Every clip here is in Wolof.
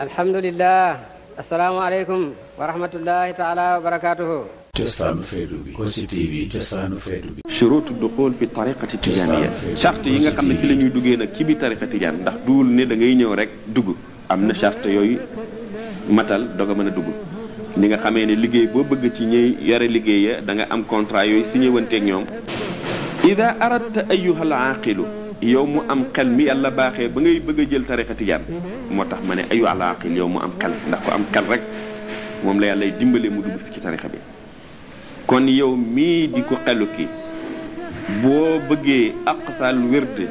alhamdulilah asalaamaaleykum wa rahmatullahi taala wa barakaatuhu cosaanu feetu bi Kossy TV cosaanu feetu bi shurutu duxul fi yi nga xam ne ci la ñuy duggee nag ci biir tariqa tijaan ndax duul ne da ngay ñëw rek dugg am na charte yooyu matal doog a mën a dugg ni nga xamee ne liggéey boo bëgg ci ñuy yore liggéey ya da nga am contrat yooyu signé wanteeg ñoom ida aradta ayyuha aaqilu yow mu am xel mi yàlla baaxee ba ngay bëgg jël tarixa tijaan moo tax ma ne ayu ala aqil mu am xel ndax ko am xel rek moom la yàlla dimbale mu dugg si ci tarixa bi kon yow mii di ko xelu ki boo bëggee aqsal wirde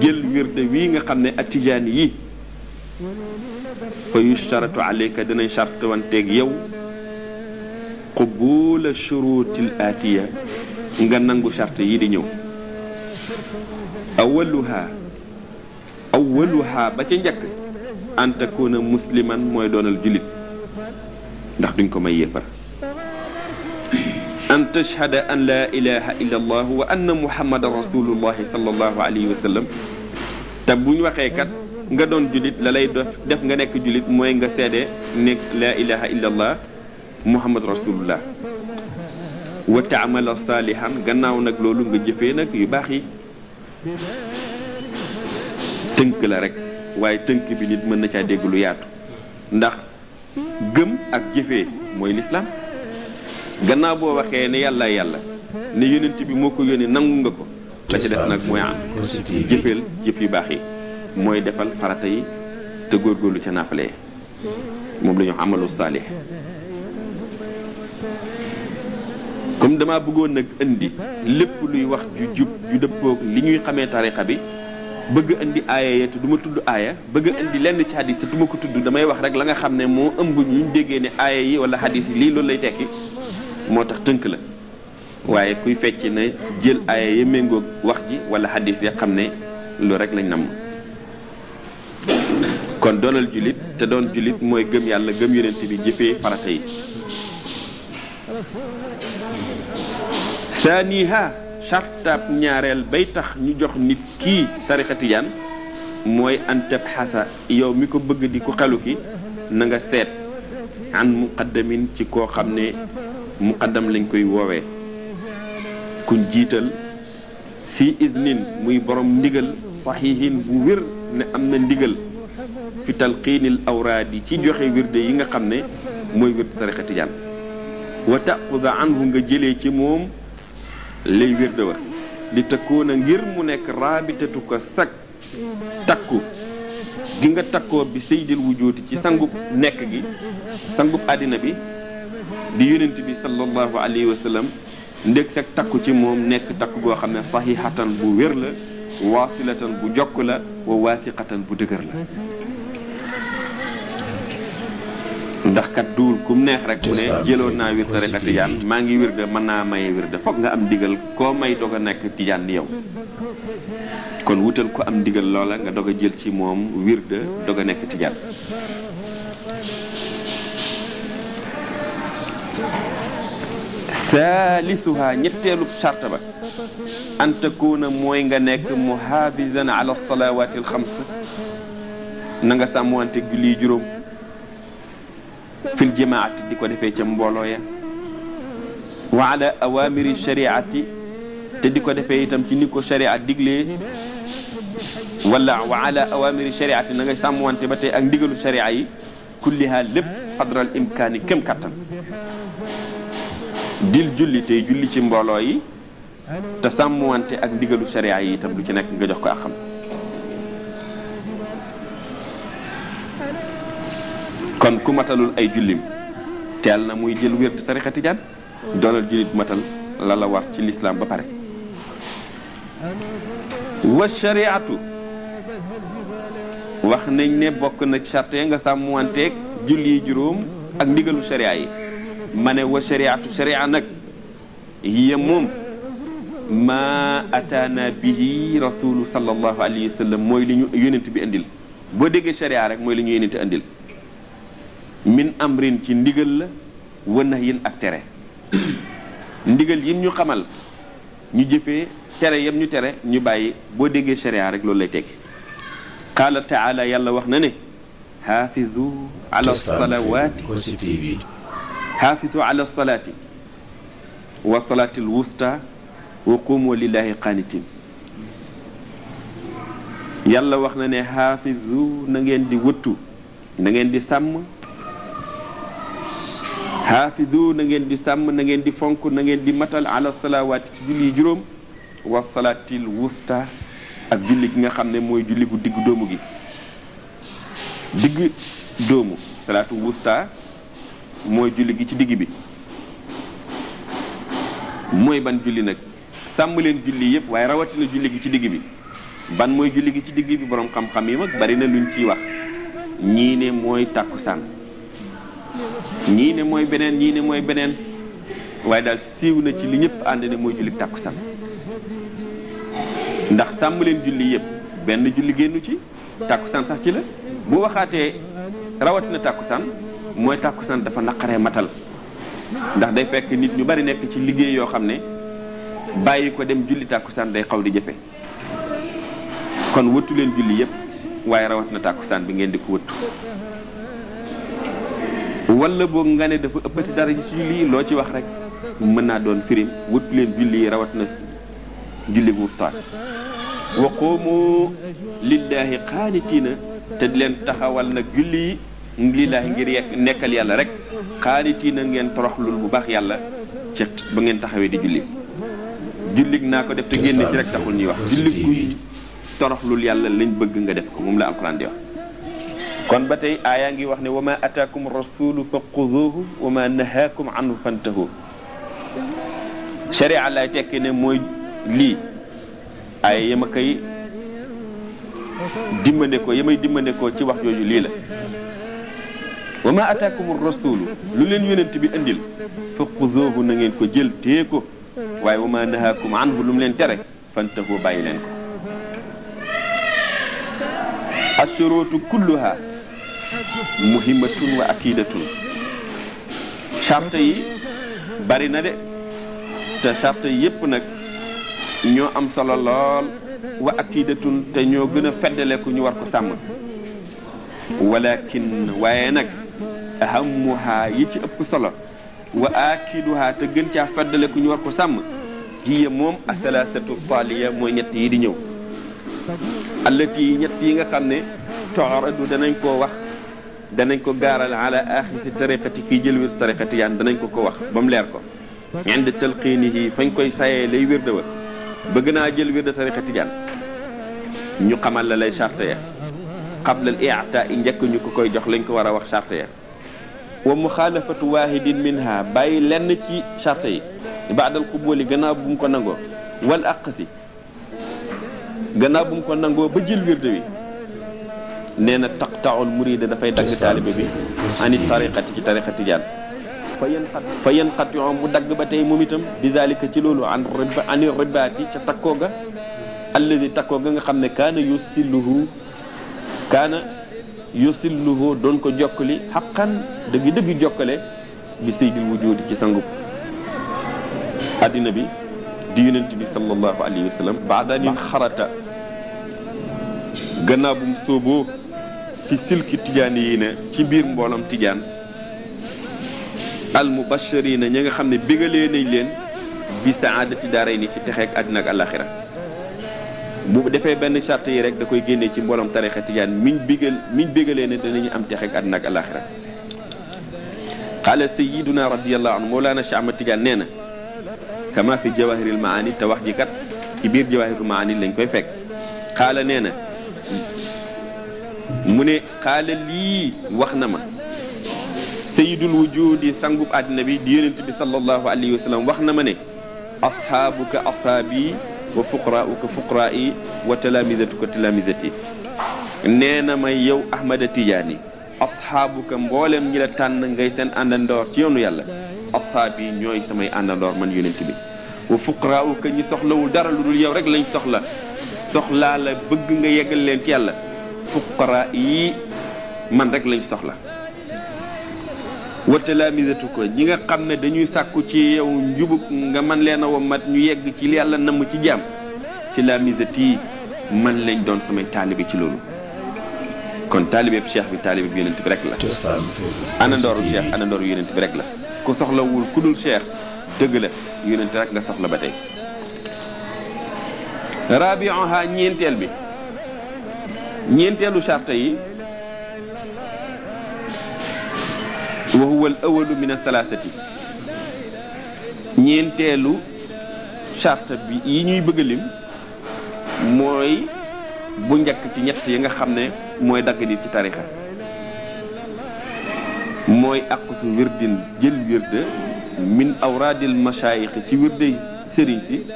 jël wirde wii nga xam ne ak atijaan yi fa yushtaratu aleyka dinañ charte wanteeg yow qubula shurutil atiya nga nangu charte yi di ñëw awwaluha awwaluha ba ca njëkk an takuna musliman mooy doonal julit ndax duñ ko may yéefar أن تشهد أن لا إله إلا الله وأن محمد رسول الله صلى الله عليه وسلم تبون وقيكت nga doon julit la lay def def nga nekk julit mooy nga seede ne la ilaha illallah muhammad rasulullah wa taamala salihan gannaaw nag loolu nga jëfee nag yu baax yi tënk la rekk waaye tënk bi nit mën na caa dégg lu yaatu ndax gëm ak jëfe mooy lislaam gannaaw boo waxee ne yàlla yàlla ne yonent bi moo ko yónnee nangu nga ko la ci def nag mooy am jëfeel jëf yu baax yi mooy defal farata yi te góorgóorlu ca naafale moom la ñu amalu saalih comme dama bëggoon nag indi lépp luy wax ju jub ju dëppoog li ñuy xamee tarixa bi bëgg indi aaya ya te du ma tudd aaya bëgg indi lenn ci hadis te du ko tudd damay wax rek la nga xam ne moo ëmb ñu déggee ne aaya yi wala hadis yi lii loolu lay tekki moo tax tënk la waaye kuy fecc na jël aaya ya méngoog wax ji wala hadis ya xam ne lu rek lañ namm kon doonal jullit te doon jullit mooy gëm yàlla gëm yonent bi jëfee farata yi saaniha chartaab ñaareel bay tax ñu jox nit kii tarixa tijaan mooy an tabxasa yow mi ko bëgg di ku xelu ki na nga seet an muqaddamin ci koo xam ne muqaddam lañ koy woowee kuñ jiital si idnin muy boroom ndigal saxihin bu wér ne am na ndigal fi talqiinil awraad yi ci joxe wirde yi nga xam ne mooy wirde tarixa tijaan wa taquda anhu nga jëlee ci moom lay wirde wa li takkoona ngir mu nekk raabitatu ko sag takku gi nga takkoo bi saydil juuti ci sangub nekk gi sangub àddina bi di yonent bi sallallahu alayhi wa sallam sag takku ci moom nekk takk goo xam ne saxiixatan bu wér la waasilatan bu jokk la wa waasiqatan bu dëgër la ndax kat duul ku neex rek mu ne jëloon naa wirde rek a tijaan maa ngi wirde mën naa maye wirde foog nga am digal koo may doog a nekk tijaan yow kon wutal ko am digal loola nga doog a jël ci moom wirde doog a nekk tijaan saalisuha ñetteelu charte ba an takuna mooy nga nekk muhaafizan ala salawaati alxams na nga sàmmante julli juróom fil jimaati di ko defee ca mbooloo ya wa ala awamiri shariati te di ko defee itam ci ni ko sharia digle wala wa ala awamiri shariati na nga sàmmwante ba te ak ndigalu sharia yi kulliha lépp qadral imkaani kem kattan dil julli tey julli ci mbooloo yi te sàmmwante ak ndigalu sharia yi tam lu ci nekk nga jox ko a xam kon ku matalul ay jullim teel na muy jël wér di tarixa tijaan doonal jullit matal la la ci lislaam ba pare wa shariatu wax nañ ne bokk na charte nga sàmmanteeg julli juróom ak ndigalu sharia yi ma ne wa shariatu sharia nag hiya moom ma ataana bihi rasulu sallallahu alayhi wa sallam mooy li ñu yonent bi indil boo déggee sharia rek mooy li ñu yonent andil min amrin ci ndigal la wënna yin ak tere ndigal yim ñu xamal ñu jëfee tere yam ñu tere ñu bàyyi boo déggee sharia rek loolu lay tekki qaala taala yàlla wax na ne xaafizu ala salawaati xaafizu ala salaati wa salaati al yàlla wax na ne xaafizu di wëttu na di sàmm hafidu na ngeen di sàmm na ngeen di fonk na ngeen di matal ala salawaati ci julli juróom wa salatil wusta ak julli gi nga xam ne mooy julli gu digg doomu gi digg doomu salatu wusta mooy julli gi ci digg bi mooy ban julli nag sàmm leen julli yépp waaye rawatina julli gi ci digg bi ban mooy julli gi ci digg bi borom xam-xam yi mag bari na luñ ciy wax ñii ne mooy tàkkusaan ñii ne mooy beneen ñii ne mooy beneen waaye daal siiw na ci li ñëpp ànd ne mooy julli tàkkusaan ndax sàmm leen julli yépp benn julli génn ci tàkkusaan sax ci la bu waxaatee rawatina tàkkusaan mooy tàkkusaan dafa naqaree matal ndax day fekk nit ñu bari nekk ci liggéey yoo xam ne bàyyi ko dem julli tàkkusaan day xaw di jëfe kon wëttu leen julli yëpp waaye rawatina tàkkusaan bi ngeen di ko wëttu walla boog nga ne dafa ëppati dara ci julli loo ci wax rek mën naa doon firim wut leen julli rawat na julli bu wustaat wa qoomu lillaahi qaanitiina te di leen taxawal nag julli yi lillaahi ngir nekkal yàlla rek qaanitiina ngeen toroxlul bu baax yàlla ci ba ngeen taxawee di julli jullig naa ko def te génne ci rek taxul ñuy wax jullig guy toroxlul yàlla lañ bëgg nga def ko moom la alxuraan di wax kon ba tey aayaa ngi wax ne wa ma ataakum rasulu fa xuduuhu wa ma nahaakum anhu fantahu sharia lay ne mooy lii ay yama koy dimbandekoo yamay dimbandekoo ci wax jooju lii la wa ma ataakum rasulu lu leen yonent bi indil fa xuduuhu na ngeen ko jël tee ko waaye wa ma nahaakum anhu lu mu leen tere fantahu bàyyi leen ko ashuruutu kulluha muhimmatun wa akidatun charte yi bari na de te charte yépp nag ñoo am solo lool wa akidatun te ñoo gën a feddale ku ñu war ko sàmm walakin waaye nag ahammuha yi ci ëpp solo wa akiduha te gën caa feddale ku ñu war ko sàmm hiya moom athalathatu taaliya mooy ñett yi di ñëw allati ñett yi nga xam ne tooradu danañ koo wax danañ ko gaaral ala axisi tariqati kii jël wir tariqa tijaan danañ ko ko wax ba mu leer ko ind talqinihi fañ koy sayee lay wir wa bëgg naa jël wir de tariqa tijaan ñu xamal la lay charte ya qabla al i'ta njëkk ñu ko koy jox lañ ko war a wax charte ya wa mukhalafatu wahidin minha bàyyi lenn ci charte yi بعد القبول غنا بوم كو نانغو والأقسي غنا بوم كو نانغو با جيل ويرد وي نين تقطع المريد دا فاي داغ طالب بي اني طريقه تي طريقه تجان فين قطع مو داغ باتاي موميتم بذلك تي لولو عن رب اني رباتي تي تاكوغا الذي تاكوغا غا خامني كان يستله كان يستله دون كو جوكلي حقا دغ دغ جوكلي بي سيد الوجود تي سانغو ادي بي دي يونتبي صلى الله عليه وسلم بعد ان خرت غنابم صوبو fi silki tijaan yi ne ci biir mbooloom tijaan al mubashirina ñi nga xam ne bégalee nañ leen bi saadati daaray ni ci texeeg àddina ak àlaxira bu defee benn charte yi rek da koy génnee ci mbooloom tarixa tijaan miñ bégal miñ bégalee ne danañu am texeeg àddina ak àlaxira qaala sayiduna radiallahu anhu moolaana Cheikh Ahmad Tijaan nee na kama fi jawahiril maani te wax ji kat ci biir jawahiril maani lañ koy fekk qaala nee na mu ne xaala lii wax na ma sayidul wujudi sangub àddina bi di yonent bi sallallahu alayhi wa wax na ma ne ashaabuka ashaabi wa fuqraauka fuqraai wa talaamisatuka talaamisati nee na ma yow ahmada tijaani ashaabuka mboolem ñi la tànn ngay seen àndandoor ci yoonu yàlla ashaabi ñooy samay àndandoor man yonent bi wa fuqraauka ñi soxlawul dara lu dul yow rek lañ soxla soxlaa la bëgg nga yeggal leen ci yàlla fuqara yii man rek lañ soxla wa talaamisatu ko ñi nga xam ne dañuy sàkku ci yow njubug nga man leen a mat ñu yegg ci yàlla namm ci jaam talaamisat yi man lañ doon samay taalibe ci loolu kon taalibeeb cheikh bi taalibeeb yonent bi rek la anandooru cheikh anandooru yonent bi rek la ku soxlawul ku dul cheikh dëgg la yonent rek nga soxla ba tey rabi'uha ñeenteel bi ñeenteelu charte yi wa huwa al awalu ñeenteelu charte bi yi ñuy bëgg a lim mooy bu njëkk ci ñett yi nga xam ne mooy dagg ci tarixa mooy aqusu wirdin jël wirde min awraadil machaayix ci wirde sëriñ si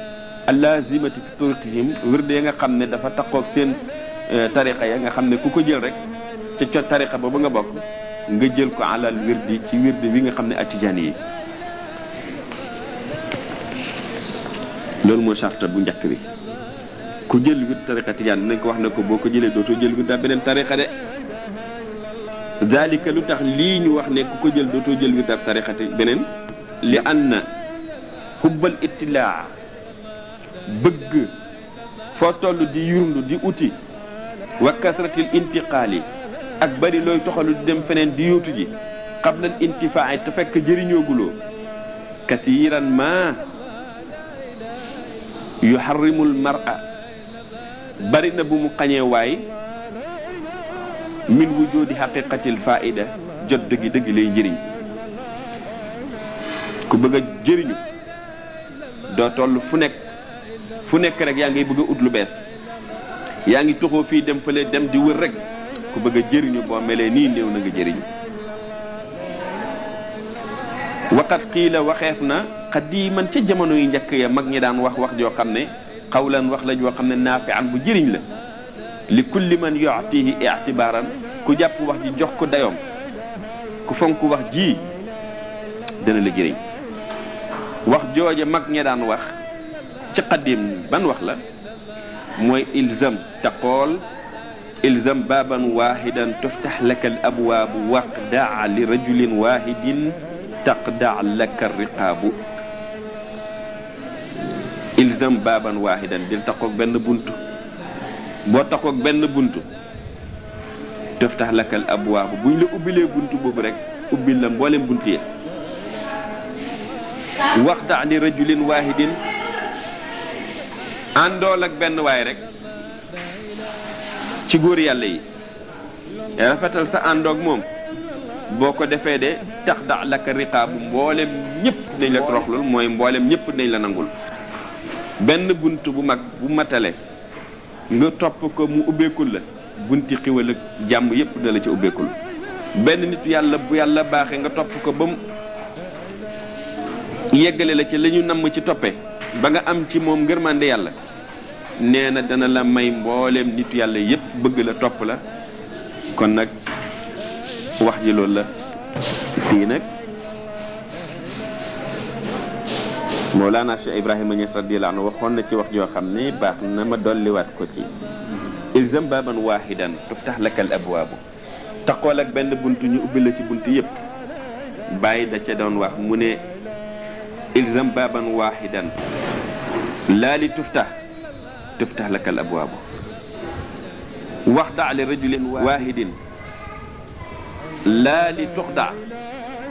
allazimati fi turqihim wirde nga xam ne dafa taxoog seen tariqa ya nga xamne kuko jël rek ci ci tariqa boobu nga bok nga jël ko alal wirdi ci wirdi wi nga xamne ne yi loolu mo charte bu njëkk bi ku jël wird tariqa tijaan nañ ko wax ne ko boo ko jëlee jël wird daa beneen tariqa de dalika lu tax lii ñu wax ne ku ko jël dootoo jël wird ab tariqa beneen li anna xubbal ittilaa bëgg foo toll di yurndu di uti wa kasratil intiqaali ak bari looy toxalu di dem feneen di yóotu ji xablal ma yuharrimul mar'a bari na bu mu min wujudi haqiqatil faida jot dëgg dëgg lay njëriñ ku bëgg a jëriñu doo toll fu nekk fu yaa ngi toxoo fii dem fële dem di wër rek ku bëgg a jëriñu boo melee nii néew na nga jëriñu waqat xiila waxeef na xadiiman ca jamono yu njëkk ya mag ñi daan wax wax joo xam ne xawlan wax la joo xam ne naafi an bu jëriñ la li kulli man yu'tihi i'tibaaran ku jàpp wax ji jox ko dayoom ku fonk wax ji dana la jëriñ wax jooje mag ñi daan wax ci xadiim ban wax la mooy ilzam taqool ilzam baaban waahidan tuftax laka alabwaabu waqdaa li rajulin waahidin taqdaa laka riqaabu ilzam baaban waahidan dil taqoog benn buntu boo taqoog benn buntu tuftax laka alabwaabu buñ la ubbilee buntu boobu rek ubbil la mboolem buntu ya waqdaa li rajulin waahidin àndool ak benn waay rek ci góor yàlla yi rafetal sa àndoog moom boo ko defee de tax da laka riqaabu mboolem ñëpp nañ la toroxlul mooy mboolem ñëpp nañ la nangul benn bunt bu mag bu matale nga topp ko mu ubbeekul la bunti xiwal ak jàmm yépp na la ci ubbeekul benn nit yàlla bu yàlla baaxe nga topp ko ba yeggale la ci lañu ñu namm ci toppee ba nga am ci moom ngir ngërmande yàlla nee na dana la may mbooleem nit yàlla yépp bëgg la topp la kon nag wax ji loolu la fii nag Mawlana Cheikh Ibrahima Niass radiyallahu anhu waxoon na ci wax joo xam ne baax na ma dolliwaat ko ci ilzam baaban waahidan tuftax lakal abwaabu taxool ak benn bunt ñu ubbi la ci bunt yépp bàyyi da ca doon wax mu ne ilzam baaban waahidan laa tuftax تفتح لك الابواب واخضع لرجل واحد لا لتخضع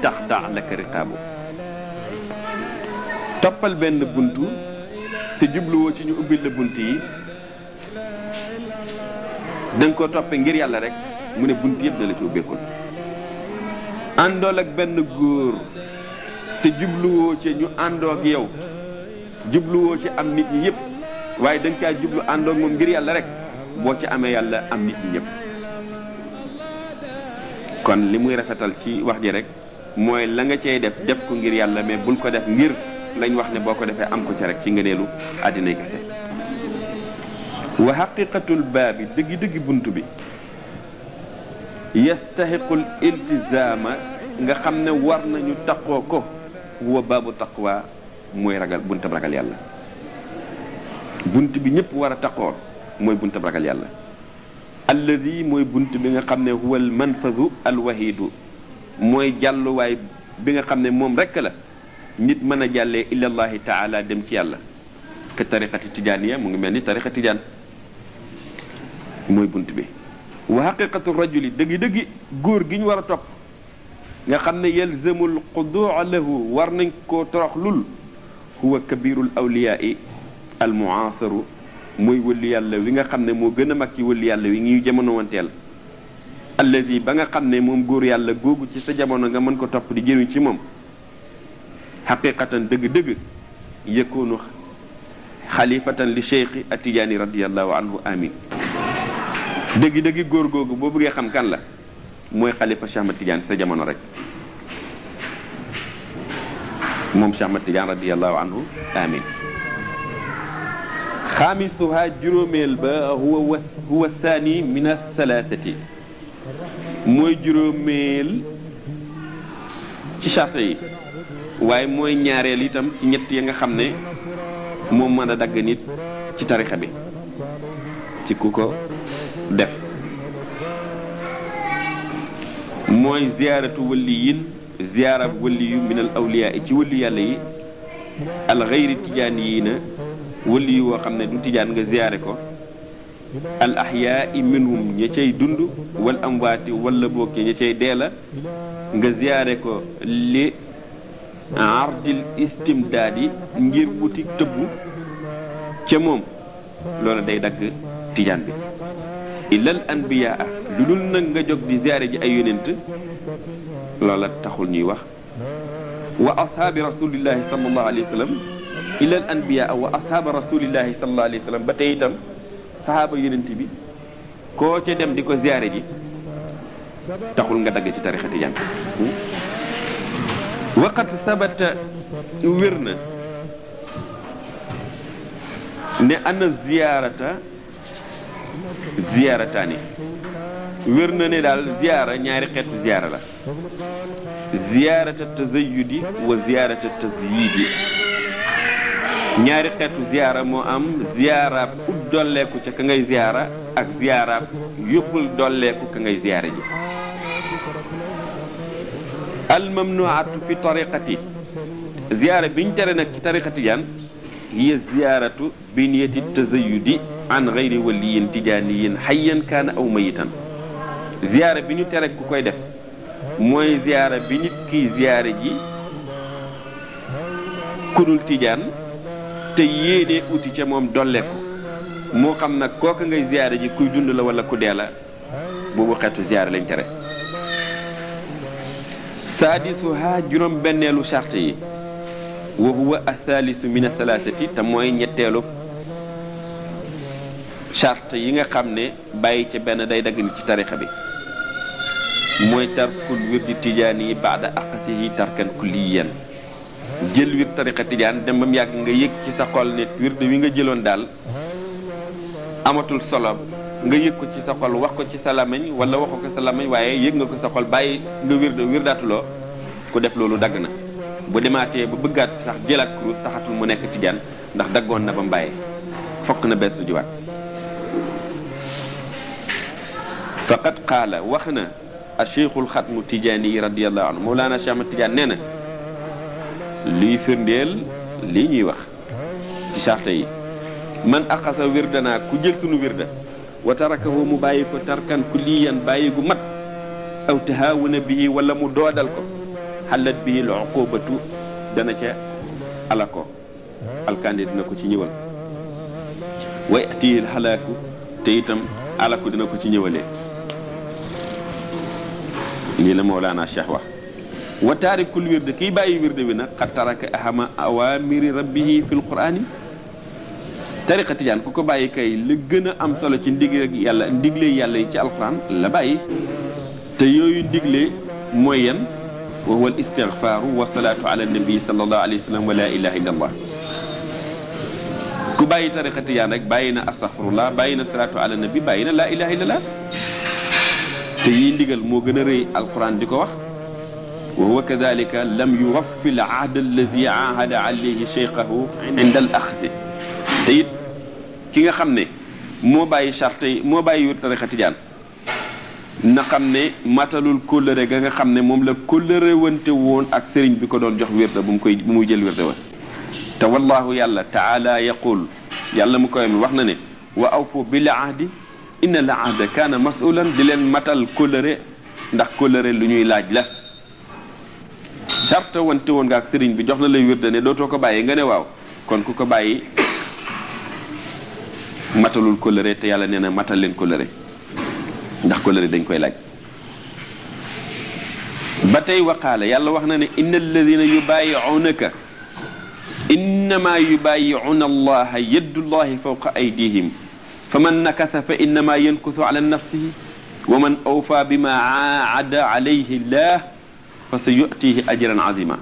تخضع لك رقابه تقبل بين بنتو تجيب له وتي نيو اوبيل بنتي دنكو توبي غير يالا رك موني بنتي يب دالا تي اوبيكول اندولك بن غور تجيب له وتي نيو اندوك يو جيب له وتي ام نيت ييب waaye da nga caa jublu àndoog moom ngir yàlla rek boo ci amee yàlla am nit ñi ñëpp kon li muy rafetal ci wax ji rek mooy la nga cee def def ko ngir yàlla mais bul ko def ngir lañ wax ne boo ko defee am ko ci rek ci ngëneelu àddina kese wa xaqiqatul baabi dëggi dëggi bunt bi yastaxiqul iltizaama nga xam ne war nañu taqoo ko wa baabu taqwa mooy ragal buntab ragal yàlla بنت بنيب وارا تقول موي بنت بركة يلا الذي موي بنت بنيا قمنا هو المنفذ الوحيد موي جل واي بنيا قمنا موم ركلا نيت من جل إلا الله تعالى دم يلا كطريقة تجانية مونغي ملي طريقة تجان موي بنت بي وحقيقة الرجل دقي دقي غور جين وارا توك nga xam ne yel zemul xuddu lahu war nañ koo almuaasaru mooy wëllu yàlla wi nga xam ne moo gën a mag ci wëllu yàlla wi ñuy jamono wanteel allazi ba nga xam ne moom góor yàlla googu ci sa jamono nga mën ko topp di jëriñ ci moom xaqiqatan dëgg-dëgg yëkkoonu xalifatan li cheikh atijaani radiallahu anhu amin dëgg-dëgg góor googu boo xam kan la mooy xalifa sa jamono rek moom Cheikh Ahmad Tidiane radiallahu anhu amin xaamisuha juróomeel ba huwa huwa saani min asalaasati mooy juróomeel ci charte yi waaye mooy ñaareel itam ci ñett yi nga xam ne moo mën a dagg nit ci tarixa bi ci ku ko def mooy ziyaaratu waliyin ziyaarab waliyu min al awliyaa ci wali yàlla yi al xayri tijaani yi na ولي وخمنا دوتي جان نغا زياريكو الاحياء منهم نيتاي دوند والاموات ولا بوكي نيتاي ديلا نغا زياريكو لي عرض الاستمداد نغير بوتي تبو تي موم لولا داي داغ تيجان بي الا الانبياء لولن نغا جوك دي زياري جي اي يوننت لولا تاخول ني واخ واصحاب رسول الله صلى الله عليه وسلم ilal anbiyaa wa ashaaba rasulillahi sallallahu ba tey itam saxaaba yonent bi koo ca dem di ko ziyaare ji taxul nga dagg ci tarixa tijaan waqat sabata wér na ne ana ziyaarata ziyaarataani wér na ne daal ziyaara ñaari xeetu ziyaara la ziyaarata tazayudi wa ziyaarata tazyidi ñaari xeetu ziyaara moo am ziyaaraab ut dolleeku ca ka ngay ziyaara ak ziyaaraab yóbbul dolleeku ka ngay ziyaara ji almamnuatu fi tariqati ziyaara biñ tere nag ci tariqati yan hiya ziyaaratu bi niyati tazayudi an gayri waliyin tijaaniyin xayyan kaana aw mayitan ziyaara bi ñu tere ku koy def mooy ziyaara bi nit kiy ziyaara ji kudul tijaan te yéenee uti ca moom dolleeku moo xam nag kooka ngay ziyaare ji kuy dund la wala ku dee la boobu xeetu ziyaare lañ tere saadisuha juróom benneelu charte yi wa huwa athaalisu min athalaasati te mooy ñetteelu charte yi nga xam ne bàyyi ca benn day dagg ni ci tarixa bi mooy tarkul wirdi tijaani yi baada aqatihi tarkan kulliyan jël wir tariqa tijaan dem ba mu nga yëg ci sa xol nit wird wi nga jëloon daal amatul solo nga yëg ko ci sa xol wax ko ci sa lamañ wala wax ko sa lamañ waaye yëg nga ko sa xol bàyyi nga wird wirdaatuloo ku def loolu dagg na bu demaatee ba bëggaat sax jëlaat kurus taxatul mu nekk tijaan ndax daggoon na ba mu fokk na bees juwaat faqad qaala wax na الشيخ الختم التجاني رضي الله عنه مولانا شيخ التجاني luy firndeel lii ñuy wax ci charte yi man aqasa wirdana ku jël sunu wirda wa tarakahu mu bàyyi ko tarkan kulliyan bàyyi gu mat aw tahawuna bii wala mu doodal ko bi bii l uqubatu dana ca ala ko alkande dina ko ci ñëwal way atiyil xalaaku te itam alaku dina ko ci ñëwalee lii la Mawlaana Cheikh wax wa taarikul wirde kiy bàyyi wirde wi na xat taraka ahama awamiri rabbihi fil tariqa tijaan ku ko bàyyi kay la gën a am solo ci ndigle yàlla ndigle yàlla yi ci alquran la bàyyi te yooyu ndigle moo yan wa huwa al wa salaatu ala bàyyi tariqa bàyyi na astaghfirullah bàyyi na salaatu ala bàyyi na la ilaha illa te yi ndigal moo gën a rëy alquran di ko wax وهو كذلك لم يوف العهد الذي عاهد عليه شيخه عند الاخذ تيت كيغا خامني مو باي شرطي مو باي يوت ريخ تيجان نا خامني ماتالو الكولري غاغا خامني موم لا كولري وونتي وون اك سيرين بيكو دون جوخ ويرتا بوم كوي بومو جيل ويرتا وا تا والله يالا تعالى يقول يلا مكو يم واخنا ني واوفو بالعهد ان العهد كان مسؤولا دي لين ماتال كولري ndax كولري لو نيو لاج لا charte wante woon nga ak sëriñ bi jox la lay wirde ne dootoo ko bàyyi nga ne waaw kon ku ko bàyyi matalul kóllëre te yàlla nee na matal leen kóllëre ndax kóllëre dañ koy laaj ba tey waqaala yàlla wax na ne inna alladina yubaayi'unaka innama yubaayi'una allaha yaddullahi fawqa aydihim fa man nakasa fa innama yankusu ala nafsihi wa man awfa bima aahada alayhi llah fa sa yutihi ajran azima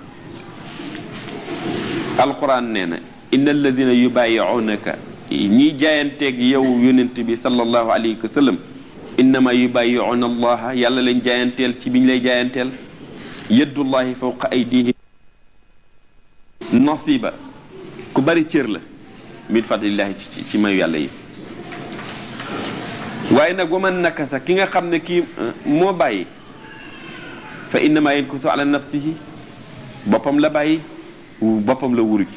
alquran nee na inna alladina yubayiunaka ñiy jaayanteeg yow yonent bi sallallahu alayhi wa sallam innama yubayiuna allaha yàlla leen jaayanteel ci biñ lay jaayanteel yaddullahi fawqa aydihim nasiba ku bari cër la min fadlillahi ci ci mayu yàlla yi waaye nag waman nakasa ki nga xam ne kii moo bàyyi fa innama yankusu ala nafsihi boppam la bàyyi boppam la wuruj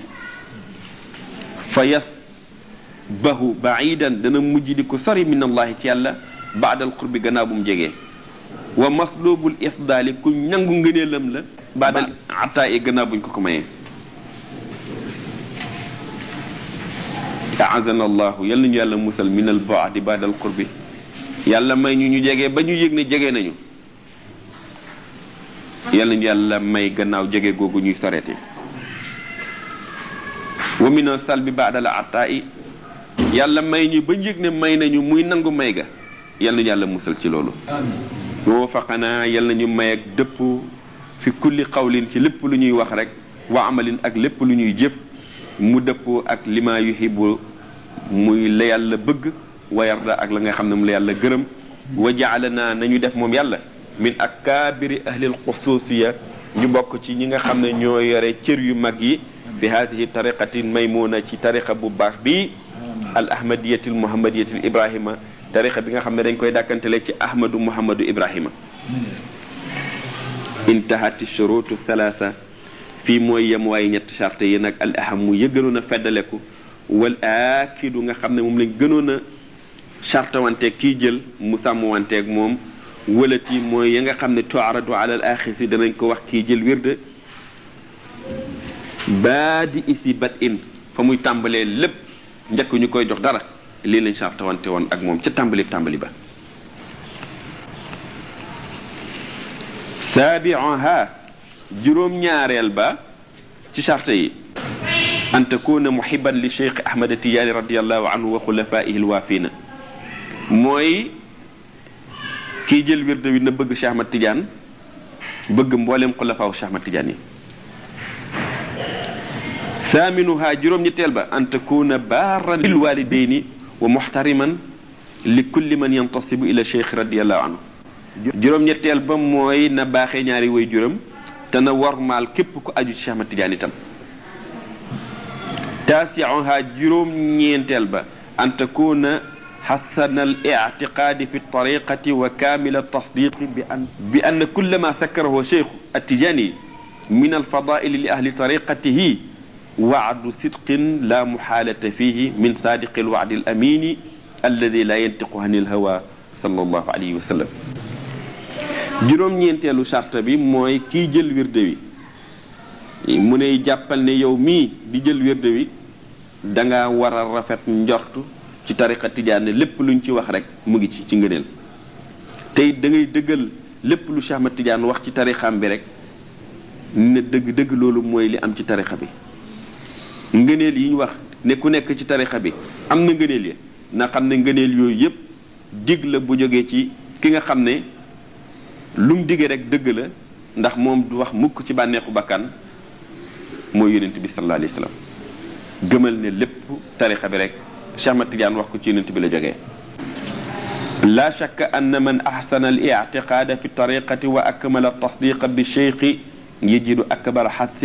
fa yasbahu baidan dana mujj di ko sori min allahi ci yàlla baadal qurbi gannaaw bu mu jegee wa maslubul ifdaali ku ñangu ngëneelam la baadal ataa i e gannaaw buñ ko ko mayee aazana allahu yal nañu yàlla musal min al baadi baadal qurbi yàlla may ñu ñu jegee ba ñu yëg ne jegee nañu yal nañu yàlla may gannaaw jege googu ñuy soreeti wa mina salbi baada la ataa i yàlla may ñu ba njëg ne may nañu muy nangu may ga yal nañu yàlla musal ci loolu wa wafaqanaa yal ñu may ak dëpp fi kulli xawlin ci lépp lu ñuy wax rek wa amalin ak lépp lu ñuy jëf mu dëppoo ak lima yuhibu muy la yàlla bëgg wa yarda ak la nga xam ne mu la yàlla gërëm wa jaalana nañu def moom yàlla min akabiri ahli alqususiya ñu bokk ci ñi nga xam ne ñoo yore cër yu mag yi bi hadihi tariqatin maymuna ci tariqa bu baax bi al ahmadiyatil muhammadiyatil ibrahima tariqa bi nga xam ne dañ koy dàkkantele ci ahmadu muhammadu ibrahima intahat shurutu thalatha fi mooy yem waaye ñett charte yi nag al ahamu ya gënoon a feddaleku wal aakidu nga xam ne moom lañ gënoon a charte wanteeg kii jël mu sàmm wanteeg moom ولتي موي ييغا خامني تعرض على الاخذ دا نكو واخ كي جيل ويرد باد اسي بات ان فموي تامبالي لب نياك ني كوي جوخ دارا لي لنج شاف تاونتي وون اك موم تي تامبالي تامبالي با سابعها جروم نياريل با تي شارتي ان تكون محبا للشيخ احمد التياري رضي الله عنه وخلفائه الوافين موي kii jël wird wi na bëgg Cheikh Ahmad Tidiane bëgg mboolem xulafaaw Cheikh Ahmad Tidiane yi ثامنها جروم نيتيل با ان تكون بارا للوالدين ومحترما لكل من ينتسب الى شيخ رضي الله عنه جروم نيتيل با موي نا باخي ñaari way juroom te na warmal képp ku aju ci cheikh tidiane itam تاسعها جروم نينتيل با ان تكون حسن الاعتقاد في الطريقة وكامل التصديق بأن, بأن كل ما ذكره شيخ التجاني من الفضائل لأهل طريقته وعد صدق لا محالة فيه من صادق الوعد الأمين الذي لا ينطق عن الهوى صلى الله عليه وسلم juróom ñeenteelu charte bi mooy kii jël wirde wi mu ne يومي دي جيل ويردوي di jël رافيت نجورتو ci tariqa tijaan ne lépp lu luñ ci wax rek mu ngi ci ci ngëneel tey it da ngay dëggal lépp lu Cheikh Ahmad wax ci tarixam bi rek ne dëgg dëgg loolu mooy li am ci tarixa bi ngëneel yi ñu wax ne ku nekk ci tarixa bi am na ngëneel yi na xam ne ngëneel yooyu yëpp digg la bu jógee ci ki nga xam ne lu mu digee rek dëgg la ndax moom du wax mukk ci bànneexu bàkkan mooy yonent bi sallallahu alayhi wa sallam gëmal ne lépp tarixa bi rek شامت جان وقت جين تبي لجاء لا شك أن من أحسن الاعتقاد في الطريقة وأكمل التصديق بالشيخ يجد أكبر حث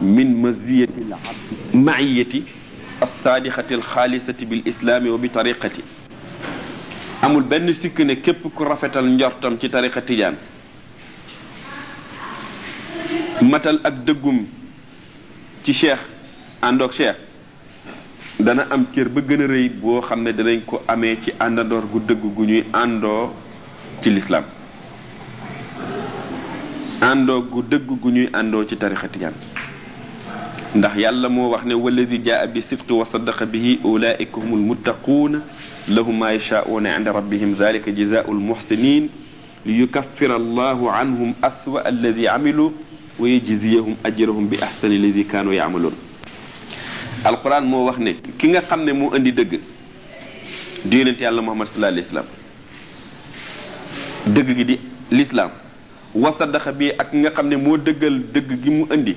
من مزية معية الصادقة الخالصة بالإسلام وبطريقتي أمول بن سكن كيف كرفت النجرتم في طريقة جان متى الأدقم تشيخ عندك شيخ dana am cër ba gën a rëy boo xam ne danañ ko amee ci àndandoor gu dëgg gu ñuy àndoo ci lislaam àndoo gu dëgg gu ñuy àndoo ci tarixa tijaan ndax yàlla moo wax ne walladi jaa bi sibqi wa saddaqa bihi ulaika humul muttaquuna lahum ma yashaa'uuna inda rabbihim dalika jazaau lmuxsinin liyukaffira allahu anhum aswa alladi amilu wa yajziyahum ajrahum bi ahsani alladi kanu yacmaluun alquran moo wax ne ki nga xam ne moo indi dëgg di yonent yàlla muhammad sallallahu alayhi wasallam dëgg gi di lislaam wasadaxa bii ak nga xam ne moo dëggal dëgg gi mu indi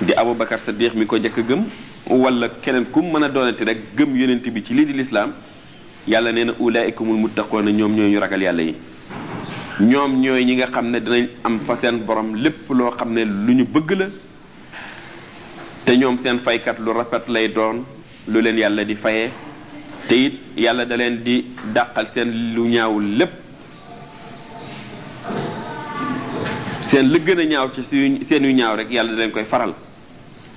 di aboubacar saddiq mi ko njëkk gëm wala keneen ku mën a doonati rek gëm yonent bi ci lii di lislaam yàlla nee na ulaikumul muttaqoona ñoom ñooy ñu ragal yàlla yi ñoom ñooy ñi nga xam ne dinañ am fa borom lépp loo xam ne lu ñu bëgg la te ñoom seen faykat lu rafet lay doon lu leen yàlla di fayee te it yàlla da leen di dàqal seen lu ñaawul lépp seen li gën a ñaaw ci seen yu ñaaw rek yàlla da leen koy faral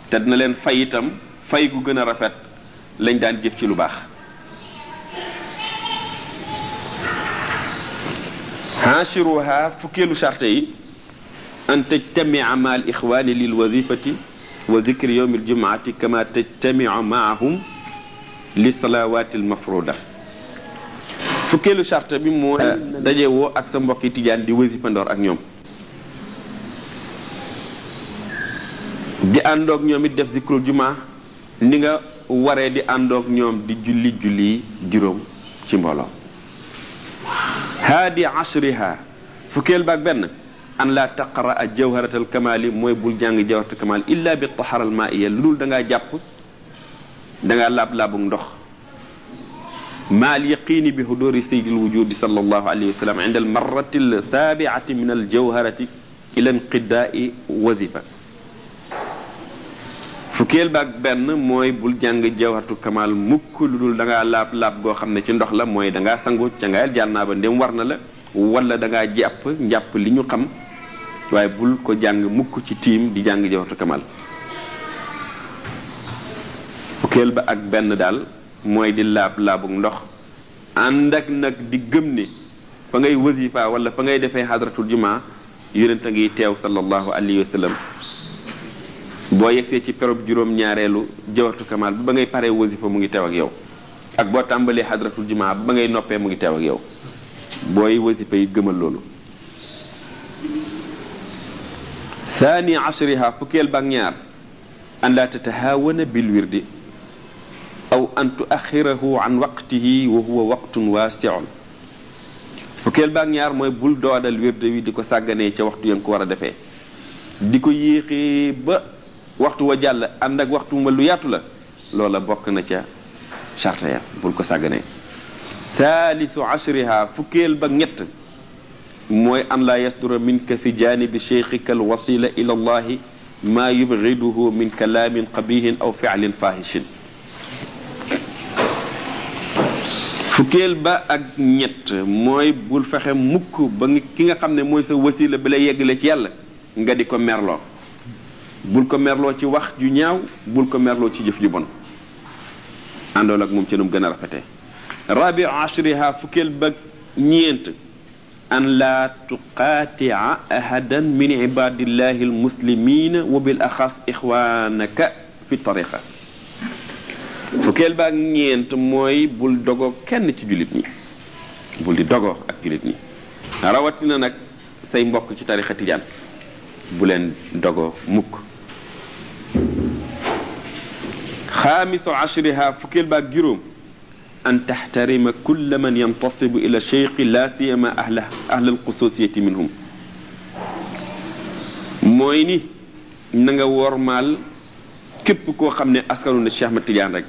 te dina leen fay itam fay gu gën a rafet lañ daan jëf ci lu baax hashiruha fukkeelu charte yi an tajtamia ma al ixwaani lil wazifati wa dicri yowmi aljumaati kama tajtamiu maahum li ak sa mbokki tijaan di wasifandoor ak ñoom di àndoog ñoom it def zikru juma ni nga waree di àndoog ñoom di julli julli juróom ci mbooloo haadi ashriha fukkeel baak benn an laa taqraa jawharatal kamaali mooy bul jàng jawharatal kamaal illa bi taharal maaiya lu dul da jàpp da laab-laabu ndox ma yaqiini bi huduri sayyidil wujudi sallallahu alayhi wa sallam inda al marrati al saabiati min al jawharati ila inqidaai wazifa benn mooy jàng jawharatul kamaal mukk lu dul da ngaa laab-laab goo xam ne ci ndox la mooy danga ngaa sangu ca ngaayal ndem war na la walla danga ngaa jàpp njàpp li ñu xam waaye bul ko jàng mukk ci tiim di jàng jawharatul kamal fukkeel ba ak benn daal mooy di laab laabug ndox ànd ak nag di gëm ni fa ngay wasifa wala fa ngay defee hadratul juma yonent a ngi teew sallallahu alayhi wa sallam boo yegsee ci perob juróom-ñaareelu jawharatul kamal ba ba ngay paree wasifa mu ngi teew ak yow ak boo tàmbalee hadratul juma ba ba ngay noppee mu ngi teew ak yow booy wasifa yi gëmal loolu thani ashriha fukkeel ba ak ñaar an laa tatahaawana bil wirdi aw an tuaxirahu an waqtihi wa huwa waqtun waasiun fukkeel ba mooy bul doodal wirde wi di ko sàgganee ca waxtu ya ko war a defee di ko yéexee ba waxtu wa jàll ànd ak waxtu ma lu la loola bokk na ca charte ya bul ko sàgganee thalithu ashriha fukkeel ba ñett موي ان لا يصدر منك في جانب شيخك الوصيل الى الله ما يبغضه من كلام قبيح او فعل فاحش فكيل با اك نيت موي بول فخه موك با كيغا خامني موي سا وسيله بلا ييغلا سي يالا nga di ko merlo bul ko merlo ci wax ju ñaaw bul ko merlo ci jëf ju bon andol ak mum ci num gëna rafété rabi'u ashriha fukel bak ñient أن لا تقاطع أحدا من عباد الله المسلمين وبالأخص إخوانك في الطريقة فكيل بعدين تموي موي كن تجلبني كين أجلبني جوليت رواتنا نك سيمبوك في سي تاريخ تيجان بولن دوغو موك خامس عشرها فكل بعد جروم an taxtarima kulla man yantasibu ila cheikhi la siyama ahla ahlal xususiyati minhum mooy ni na nga wormaal képp koo xam ne askanu na Cheikh Ahmad Tidiane rek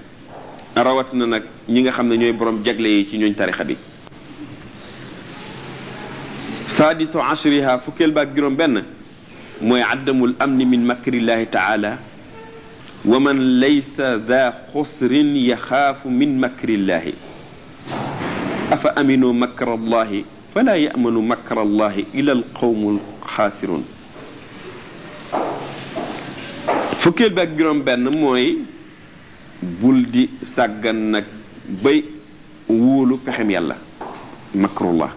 rawat na nag ñi nga xam ne ñooy borom jagle yi ci ñooñ tarixa bi saadisu ashriha fukkeel baak juróom benn mooy addamul amni min makrillahi taala ومن ليس ذا خسر يخاف من مكر الله أفأمنوا مكر الله فلا يأمن مكر الله إلا القوم الخاسرون فكل بقرم بان موي بولدي ساقنك بي وولو كحم الله مكر الله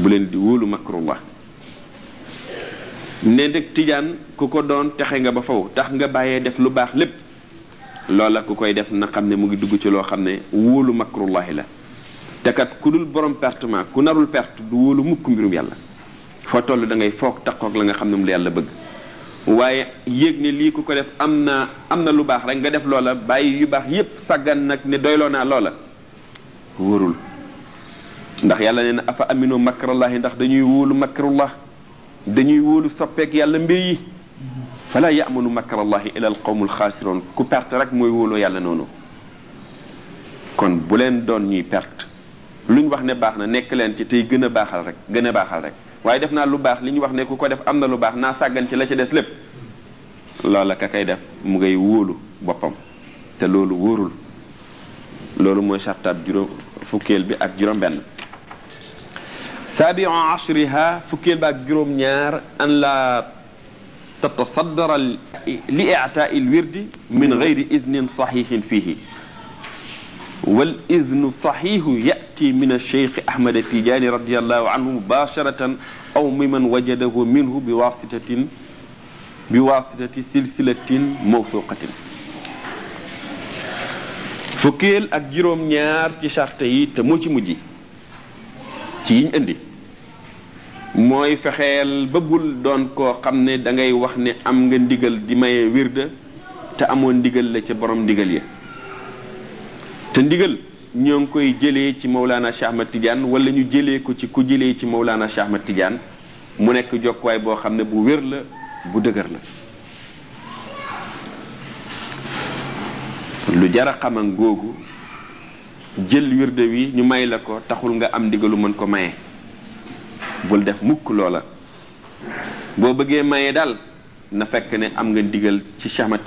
بولين وولو مكر الله ne nag tijaan ku ko doon texe nga ba faw tax nga bàyyee def lu baax lépp loola ku koy def na xam ne mu ngi dugg ci loo xam ne wóolu makrullahi la te kat ku dul borom pertement ku narul perte du wóolu mukk mbirum yàlla fa toll da ngay foog taqoog la nga xam ne mu la yàlla bëgg waaye yéeg ne lii ku ko def am na am na lu baax rek nga def loola bàyyi yu baax yépp sàggan nag ne doyloo naa loola wóorul ndax yàlla nee na afa aminu makrallahi ndax dañuy wóolu makrullah dañuy wóolu soppeek yàlla mbir yi fala yamanu makar allahi ila al qawmul xaasiroon ku perte rek mooy wóoloo yàlla noonu kon bu leen doon ñuy perte ñu wax ne baax na nekk leen ci tey gën a baaxal rek gën a baaxal rek waaye def naa lu baax li ñu wax ne ku ko def am na lu baax naa sàggan ci la ci des lépp loola ka kay def mu ngay wóolu boppam te loolu wóorul loolu mooy sartaab juróom fukkeel bi ak juróom benn سابع عشرها فكيل باك جروم نيار أن لا تتصدر لإعتاء الورد من غير إذن صحيح فيه والإذن الصحيح يأتي من الشيخ أحمد التجاني رضي الله عنه مباشرة أو ممن وجده منه بواسطة بواسطة سلسلة موثوقة فكيل أجروم نيار تشارتهي تموتي مجي تين أندي mooy fexeel ba bul doon koo xam ne dangay wax ne am nga ndigal di maye wirde te amoon ndigal la ci borom ndigal yi te ndigal ñoo ngi koy jële ci Mawlana Cheikh Ahmad Tidiane ñu jëlee ko ci ku jëlee ci Mawlana Cheikh Ahmad Tidiane mu nekk jokkuwaay boo xam ne bu wér la bu dëgër la lu jara xaman googu jël wirde wi ñu may la ko taxul nga am ndigalu mën ko maye bul def mukk loola boo bëggee maye daal na fekk ne am nga ndigal ci Cheikh Ahmad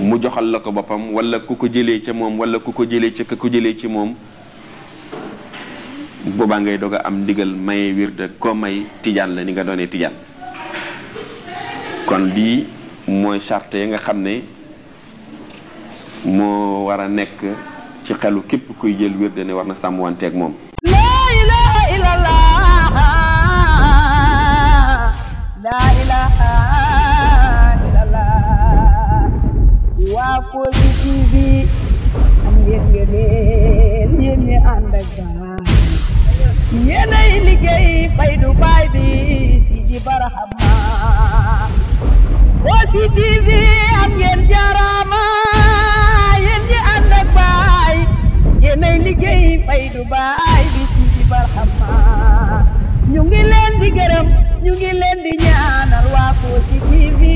mu joxal la ko boppam walla ku ko jëlee ca moom wala ku ko jëlee ca ku ko jëlee ci moom boobaa ngay dog a am ndigal maye da koo may Tidiane la ni nga doonee Tidiane kon lii mooy charte nga xam ne moo war a nekk ci xelu képp kuy jël wirde ne war na sàmmwanteeg moom polisi tv, ngeen yéen ñi ànd ak gaal yéen ay liggéey fay du baay bi si barahama Kossy TV am jarama yéen ñi ànd ak baay yéen ay liggéey bi si barahama ñu ngi leen di gërëm ñu ngi leen di ñaanal waa Kossy TV